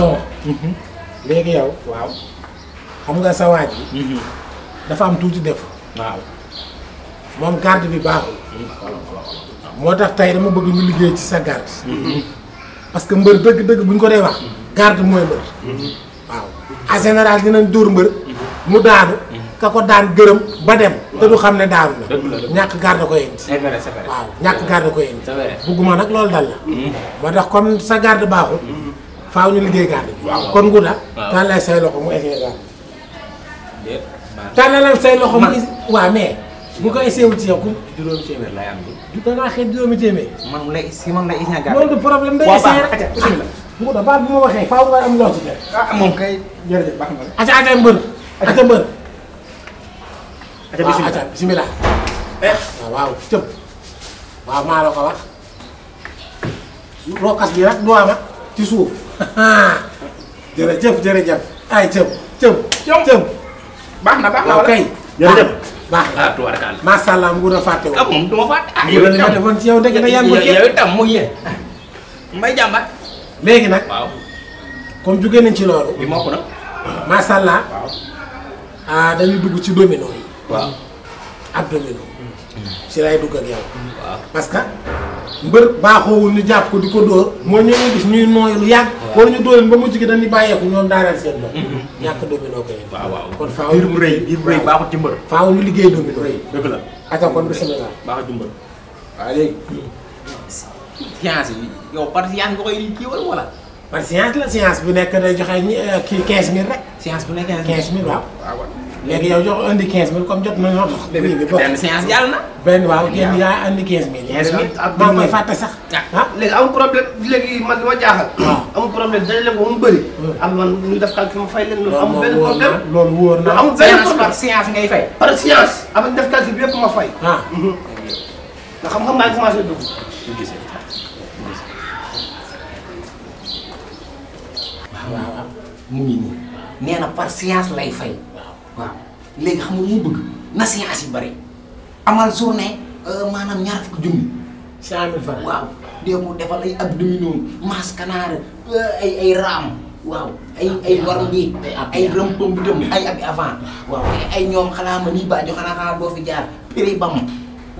bon mhm. léegi yow waaw xam nga sa waaj yi mhm. dafa am tuuti def waaw moom garde bi baaxul mhm. moo tax tey dama bëgg ñu liggéey ci sa garde parce que mbër dëgg-dëgg bu ñu ko dee wax garde mooy mbër waaw en général dinañ dóor mbër mu daanu ka ko daan gërëm ba dem te du xam ne daanu la ñàkk garde ko yéen waaw ñàkk garde ko yéen bugguma nag loolu dal la moo tax comme sa garde baaxul faaw ñu liggéey gaal bi. kon Ngouda. waaw tàllal say loxo mu essayé gaal bi. déet say loxo mu. waaw mais. bu ko essayé wul ci yow. juróomi téeméer lay am bi. ngaa xeeb juróomi téeméer. man lay si man lay essayé gaal bi. problème nga am loo ci def. ah waaw eh. ah, cëb. waaw maa la ko wax. rookas bi rek doo am ci suuf. jërëjëf jërëjëf ay cëm cëm. cëm baax na baax na wala kay. jërëjëf baax na waaw tubaarkàlla. macha allah mu ngi fàtte woo. ah moom du ah, defoon ci yow dëgg na yaa ngi yow itam jàmbat. léegi nag. waaw comme jugee nañ ci loolu. bi mokk na. macha allah. ah dañuy dugg ci domino yi. waaw lay dugg ak yow. waaw parce mbër baaxoowul ñu jàpp ko di ko dóor moo ñoo ñu gis ñuy nooy lu yàgg wala ñu dóor ba mujj gi dañuy bàyyeeku ñoom daaneel seen bopp mm-hmm. ñàkk dominoo koy waaw waaw kon faaw biirum rëy biirum rëy baaxul ci mbër faaw ñu liggéey domino rëy dëgg la atam kon bismillah baaxul ci mbër waaw léegi science bi yow par science nga koy kii wala wala par science la science bu nekk day joxe euh, kii quinze mille rek science bu nekk quinze mille waaw léegi yow jox andi 15000 comme jot na ñoo dox. benn séance jàll na. benn waaw kenn yaa andi 15000. 15000 ak maa ngi koy fàtte sax. Ah. ah léegi amul problème léegi man li ma jaaxal. waaw ah. amul problème dañ leen ko mu bëri. Hmm. am man ñu def calcul ma fay leen. loolu amul benn problème loolu wóor na amul benn problème par séance ngay fay. par séance am ah, nañ def calcul bi yëpp ma fay. ah. nga xam nga maa ngi commencé dugg. waaw waaw mu ngi nii. nee na par séance lay fay. waaw léegi xam nga ñu bëgg na séance bari amal journée euh, maanaam ñaar fukki junni. cent mille francs waaw. dee mu defal ay abdominaux masse canard euh, ay ay raam. waaw ay ay waram bi ay rëmpëm bu dem ay abi avant waaw ay ñoom xanaa ma nii baajo xanaa xanaa doo fi jaar péri bam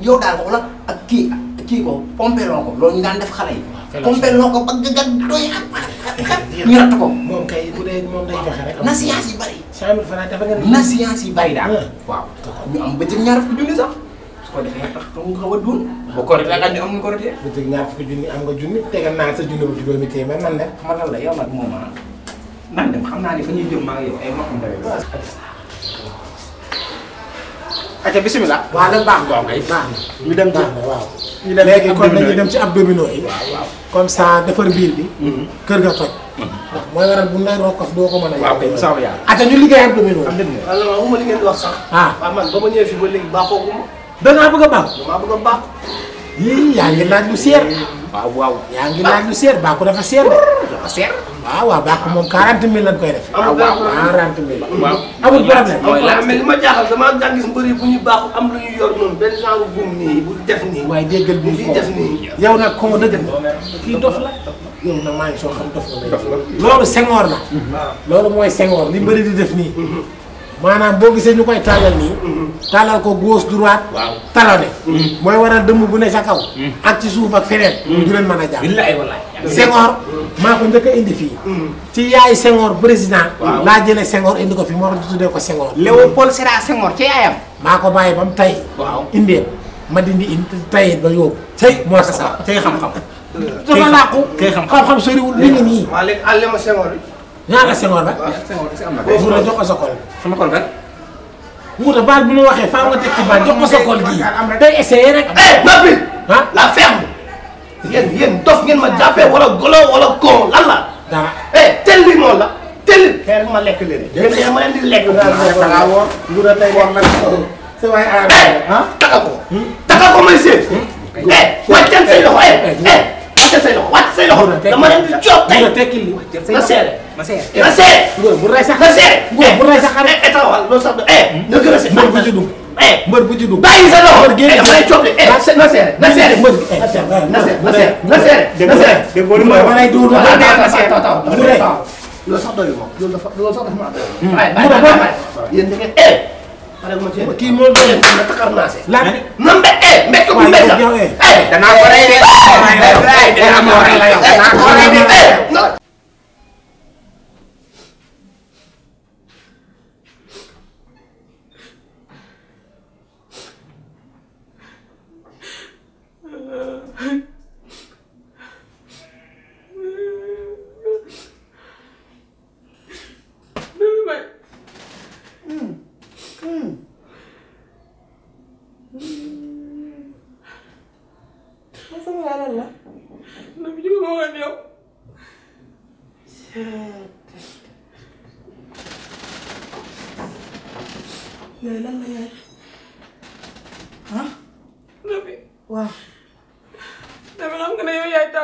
yow daal ko ak kii kii ko pompé loo ko loolu ñu daan def xale yi pompé loo ko ba gagat doy ak ñu ratt ko moom kay bu bari cent mille francs dafa ngeen. na science yi bari daal. Ah. waaw ñu am bëccëg ñaar fukki junni sax su ko defee tax xam nga xaw a duun. nga junni tegal naa sa junni bu juróomi la. xam nga la yow nag moom ah nan dem xam naa ne fa ñuy jëm maa ngi yow ay mokk ndaw yi. acca bisimilah. waaw la baax nga kay baax na. ñu dem ci waaw. ñu kon nañu dem ci abdominaux yi. waaw comme ça defar biir bi. Mhm. kër ga toj. mooy waral bu ñu lay rokkaf doo ko mën a. waaw kay Moussa Oya. ata ñu liggéeyam domaine boobu. am dëgg la wala waxuma li ngeen di wax sax. ah waaw man ba ma ñëwee fii ba léegi baaxoo ko ma. danaa bëgg a baax. danaa bëgg a baax. yii yaa ngi laaj lu seer waaw waaw yaa ngi laaj lu seer baa ko dafa seer de dafa seer baa ko moom 40 mille koy def ah, waaw waaw 40 mille waaw amul problème mooy laaj mais li ma jaaxal dama daan gis mbëri bu ñu baaxu am lu ñu yor noonu benn genre buum nii loolu Senghor la loolu mooy Senghor li mbëri di def nii mhm. maanaam boo gisee ñu koy tàllal nii. Mhm. tàllal ko gauche droite. waaw talonné. Mhm. mooy waral dëmb bu ne sa kaw. Mhm. ak ci suuf ak feneen. du leen man a jàpp. billaay wallaay. Senghor maa ko njëkk a indi fii. ci yaay Senghor président. laa jëlee Senghor indi ko fi moo tax tuddee ko Senghor. Léopold Sédar Senghor ci yaayam. maa ko bàyyi ba mu tay. waaw ma dindi indi tayit ba yóbbu. tey moo sa tey xam-xam. tey xam-xam dafa làqu. xam-xam soriwul mi ngi nii. naa la Senghor rek. Senghor rek am na ko. Nguuda jox ko sa kol. sama kol rek. Nguuda baal bu ma waxee faa nga teg ci baal jox ko sa kol gii. day essayé rek. Eh, noppi. ah la ferme. yéen dof ngeen ma jàppee wala golo wala koo lan la. dara eh tel bi moom la. tel xeer ma lekk leen. yéen ma leen di lekk. waaw waaw Nguuda tey woon nag. sa waay aar ah taka ko. Hmm? taka ko monsieur. Hmm? eh wàccal say loxo eh hmm? eh loxo wàccal say loxo. dama leen di jox tey. Nguuda eh. tekkil na seere. ma seet ma seet. ngóor bu rey sax ma seet. ngóor bu rey sax xale. eh taxawal loolu sax nga gën a seet. mbër bu ci dugg. mbër bu ci dugg. bàyyi sa loxo. mbër génn damay coppite. na seet na seet na seet. mbër na seet na seet na seet na seet. dégg nga dégg nga li ma wax. dégg nga ma seet taw taw taw taw. loolu sax doyul moom loolu dafa loolu sax dafa ma doyul. waaye bàyyi bàyyi bàyyi yéen da ngeen eh. pare ma seet kii moo doyul na taxaw naa seet. lan man ba eh mbékk bu mbékk. danaa ko rey de. danaa ko rey de.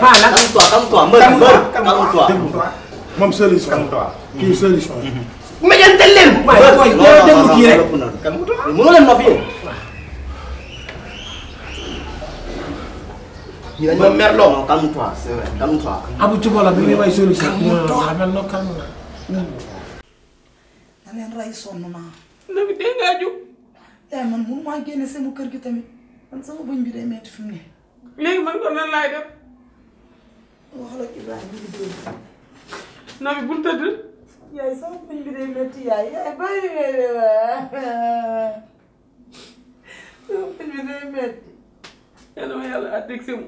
ha na kam toi kam toi mbër mbër kam toi moom solution kam toi kii solution ma jëntal leen waaye boo dem kii rek mënoo leen noppi yow ñi dañ ma merloo kam toi c'est vrai kam toi abu ci bola bi may solution xamal no kam na da leen ray sonn naa na bi dee ngaa jóg yaay man mënu maa génne sama kër gi tamit man sama bëñ bi day metti fi mu ne léegi man kon nan laay def waxal ak Ibrahima ñu dégg. Nabi bu ñu tëdd. yaay sama pëñ bi day métti yaay yaay bàyyi ngay de waay sama pëñ bi day métti. yàlla ma yàlla àtteeg semu.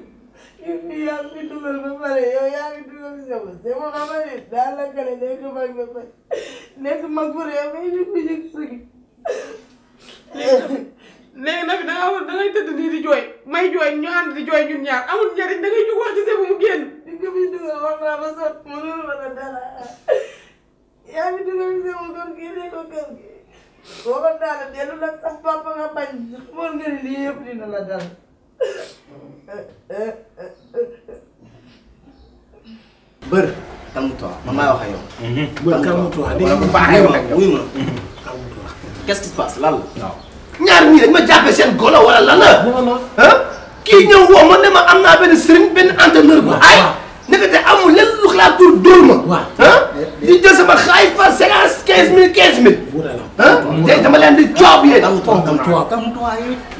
yow mii yaa ngi dugal ba pare yow yaa ngi dugal semu semu xam nga ni la gën a nekk mag ba pare nekk mi ñu ko sugi. léegi nag da ngaa war da ngay tëdd nii di jooy may jooy ñu ànd di jooy ñun ñaar amul njariñ da ngay jóg wax ci mu génn. juga pintu gampang kenapa sob mulu pada darah ya pintu gak bisa mundur kiri kok kiri, gue kan darah dia lu lantas papa ngapain mundur dia di dalam darah ber kamu tua, mama kayo mhm. ber kamu tuh ada yang bahaya kamu tuh qu'est-ce Kes se lalu ñaar ñi dañ ma jàppe seen golo wala lan la kii ñëw woo ma ne ma am bu ay ndekete amul lenn lu xalaatul dóor ma. waaw di jël sama xaalis par séance quinze mille quinze mille. tey dama leen di coob yéen.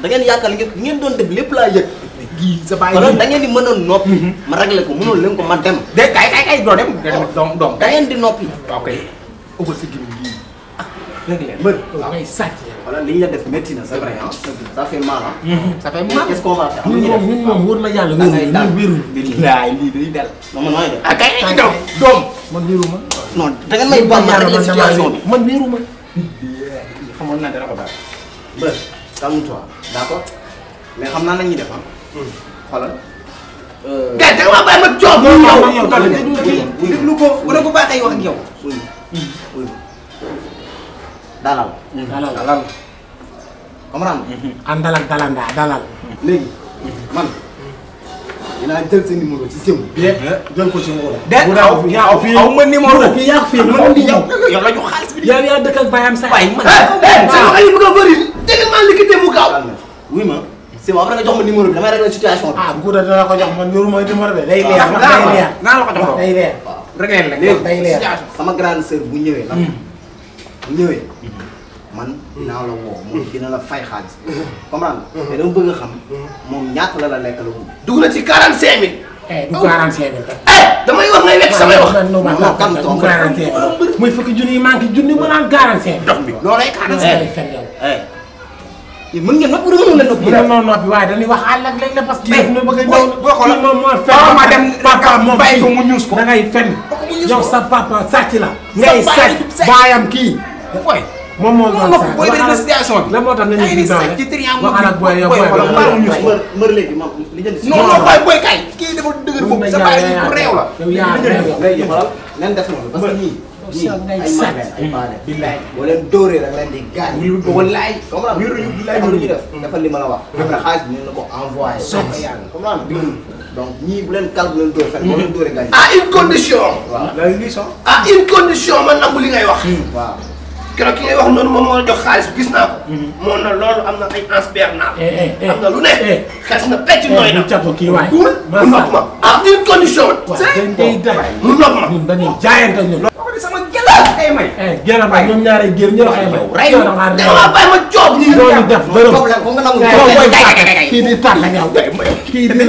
da ngeen yaakaar li ngeen doon def lépp laa yëg. konoon da ngeen di mën a noppi. Mhm. ma réglé ko mënoon leen ko man dem. de kay kay kay doo dem. da ngeen di noppi. ok ubal dëgg la mbër ngay sàcc. voilà li ñu la def métti na c'est vrai ah. ça fait mal ah. ça fait mal qu'est-ce qu'on va faire. ñun moom ñun moom wóor na yàlla wéeru ñun wéeru. waaye lii day dal. non man maa ngi def. kay ndaw doom. man wéeru ma. non da nga may bàyyi rek la situation bi man wéeru ma. xamoon naa dara ko baax. mbër calme-toi d'accord mais xam naa la ñuy def ah. xoolal. gerte ma bàyyi ma coow. loolu yow loolu yow déglu ko bu ne ko baaxee wax ak yow. dalal dalal dalal comprendre am dalal dalal ndaa dalal léegi man dinaa jël sa numéro ci sew bi jël ko ci wala déet aw yaa aw fii aw ma numéro fii yaa fii man di yow yow la ñu xaalis bi yow yaa dëkk ak bayam sa bay man sa wax yi bëgg a bëri dégg maa liquidé mu gaaw oui ma c'est bon après nga jox ma numéro bi damay régler situation bi ah guuda dana ko jox man yoruma numéro bi day leer day leer naa la ko jox day leer régler la day leer sama grande sœur bu ñëwee la hmm. ñëwee man dinaa la woo moom dina la fay xaalis comprendre nga mais dama bëgg a xam moom ñaata la la lekk la moom dugg na ci quarante cinq mille eh du quarante cinq mille eh, damay wax ngay lekk samay wax non kan toog quarante cinq mille muy fukki junni yi manqué junni mu naan quarante cinq mille dox bi loolay quarante cinq eh, mille eh. mën ngeen noppi mën ngeen noppi. mën ngeen noppi waaye dañuy wax àll ak léegi la parce que. kii na bëgg a ñëw boo xoolal moom moo fen ah, ma dem papa moom bàyyi ko mu ñuus ko. da ngay fen yow sa papa sàcc la. ngay sàcc baayam kii. booy. moom moo doon sax booy bëri na situation bi. lan moo tax nga ñu gis daal rek booy yow booy booy booy mër léegi moom li jënd si. non non booy booy kay kii dafa dëgër bopp sa bàyyi ku réew la. yow yaa réew la léegi xoolal leen def noonu parce que ñii. ñii ay maame ay maame. billaay boo leen dóoree rek leen di gaañ. wallaay comme la xam lu ñu def. dafa li ma la wax. après xaalis bi ñu la ko envoyé. soog a yàgg comme la donc ñii bu leen kàll bu leen dóoree fenn. boo leen dóoree gaañ. à une condition. waaw la une condition. à une condition ma nangu li ngay wax. Hmm. waaw. keroog ki ngay wax noonu moom moo jox xaalis gis naa ko. Mhm. moo na loolu am na ay inspirant. Eh, eh, eh. am na lu ne. xes na pecc nooy na. bu kii waay mu nopp ma ah une condition. mu nopp ma. ñun dañuy jaayante ñun. sama gëlaat ay may. gëlaat may ñoom ñaari géer ñoo ay may. rey ma dama bàyyi ma joob. ñu def dërëm kii di tànn kii di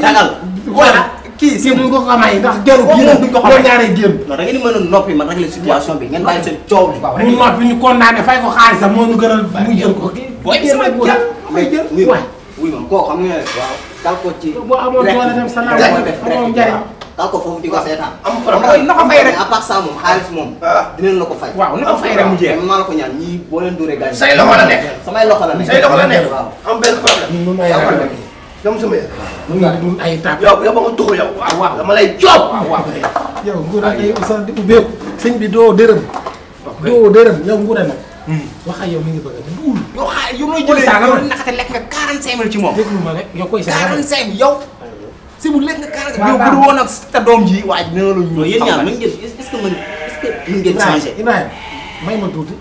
tànn. kii si duñ ko xamay ndax jarul génn duñ ko xamay ñaaree génn non da ngeen di mën a noppi man régler situation bi ngeen bàyyi seen coow bi mu noppi ñu condamné fay ko xaalisam moo ñu gënal muy jël ko boy sama jël may jël muy waay wuy moom koo xam nga waaw dal ko ci boo amoon doole dem sa laaj daal ko foofu di ko seetaan. am problème na ko fay rek à part ça moom xaalis moom. Ah. dinañ la ko fay. waaw na ko fay rek mu jeex maa la ko ñaan ñii boo leen dóoree gaañ. say loxo la nekk. samay loxo la nekk. say loxo la nekk. waaw am benn problème. jom sama ya mun nga dum ay tap yow yow ba nga tuxu yow waaw waaw dama lay job waaw waaw yow nguur ak yow sa di ubbeeku sëñ bi doo dërëm doo dërëm yow nguur nag waxa yow mi ngi bëgg duul yow xaa yow nooy jëlee yow naxate lekk nga 45 mille ci moom déglu ma rek yow koy 45 yow si bu lekk nga 45 yow bu du woon ak ta doom ji waaj dina la ñu yéen ñaar mën ngeen est ce que mën est ce que mën ngeen changer Ibrahima may ma tuuti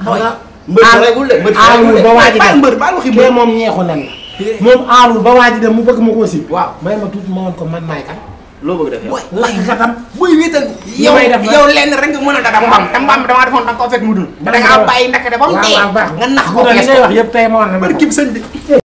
xam nga mbër ba wagul de mbër ba wagul de mbër ba waxi mbër moom ñeexu nan la moom aalul ba waa ji dem mu bëgg ma ko si. waaw ma tuuti ma woon ko man maay kan. loo bëgg def yow lakk katam. buy wéetal yow yow lenn rek nga mën a da mbaam te mbaam damaa defoon da nga koo fekk mu dul. da ngaa bàyyi ndekete ba mu dee nga nax ko. wax yëpp tey ma war na ma